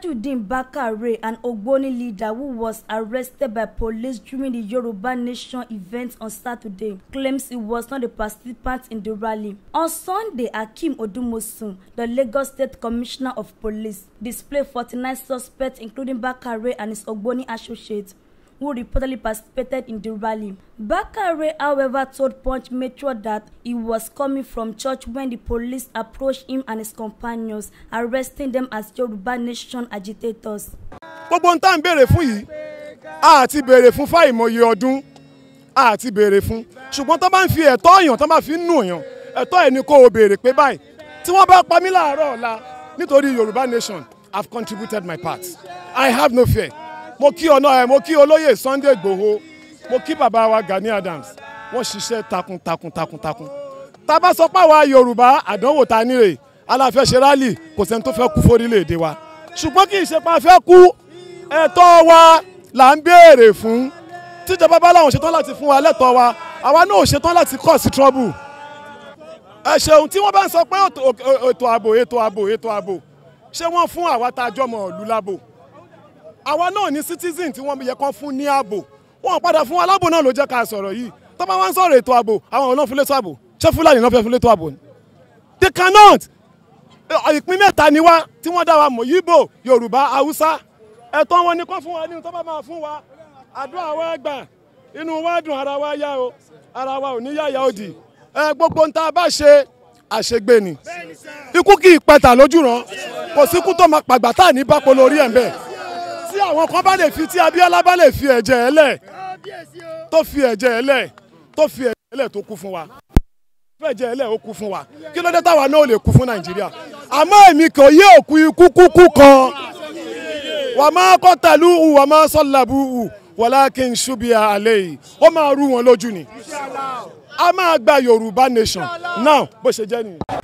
Tajudeen Bakare, an Ogboni leader who was arrested by police during the Yoruba Nation event on Saturday, claims he was not a participant in the rally. On Sunday, Akeem Odumosun, the Lagos State Commissioner of Police, displayed 49 suspects including Bakare and his Ogboni associates who reportedly participated in the rally. Bakare, however, told Punch Metro that he was coming from church when the police approached him and his companions, arresting them as Yoruba Nation agitators. Gbogbo ohun tá à ń béèrè fún yìí, a ti béèrè fún fáìmọye ọdún, a ti béèrè fún. Ṣùgbọ́n tó bá ń fi ẹ̀tọ́ èèyàn tó bá fi ń nù èèyàn, ẹ̀tọ́ ẹ̀ ni kò béèrè pé báyìí. Tí wọ́n bá pa mí láàárọ̀ ọ̀la nítorí Yorùbá Nation, I have contributed my part. I have no fear mo kí ọ̀nà ẹ̀ mo kí olóyè Sunday Igboho mo kí bàbá wa Gani Adams wọ́n ṣiṣẹ́ takun takun takun takun tá bá sọ pé àwa Yorùbá àdánwò ta níre aláfẹsẹ rálì kò sẹ́ni tó fẹ́ kú fórílẹ̀-èdè wa ṣùgbọ́n kì í ṣe pé a fẹ́ kú ẹ̀tọ́ wa là ń béèrè fún tíjọba bá làwọn ṣetán láti fún wa lẹ́tọ̀ọ́ wa àwa náà ò ṣetán láti cause trouble ẹ ṣeun tí wọ́n bá ń sọ pé ètò ààbò ètò ààbò ètò ààbò ṣé wọ́n fún àwa tá a jọmọ ìlú lábò àwa náà ní citizen tí wọ́n yẹ kán fún ní ààbò wọn padà fún aláàbò náà ló jẹ́ ká sọ̀rọ̀ yìí tó bá wọn sọ̀rọ̀ ètò ààbò àwọn ọ̀nà fúnlẹ̀ tó ààbò ṣé fúlàní náà fẹ́ fúnlẹ̀ tó ààbò ni. they cannot ìpín mẹ́ta ni wá tí wọ́n dá wa mọ̀ yíbò yorùbá haúsá ẹ̀tọ́ wọn ni kán fún wa ní tó bá máa fún wa àdúrà wa gbà inú wa dùn ara wa yá o ara wa ò ní yáyà òdì ẹ gbogbo ń ta bá ṣe àṣegbè ni ikú kì í pẹta lójú ràn kò síkú tó máa pàgbà tá ní bá polo ẹ̀ ń bẹ́ẹ̀ àwọn kan bá lè fi tí Abíọ́lá bá lè fi ẹ̀jẹ̀ ẹ̀ lẹ̀ tó fi ẹ̀jẹ̀ ẹ̀ lẹ̀ tó fi ẹ̀jẹ̀ ẹ̀ lẹ̀ tó kú fún wa fẹ̀jẹ̀ ẹ̀ lẹ̀ ó kú fún wa kí ló dé táwa náà ò lè kú fún Nàìjíríà àmọ́ èmi kò yé òkú ikú kúkú kan wà máa kọ́ tàlú hù wà máa sọ làbù hù walakin ṣubiya àlẹ́ yìí ó máa rú wọn lójú ni a máa gba Yorùbá nation now bó ṣe jẹ́ nìyẹn.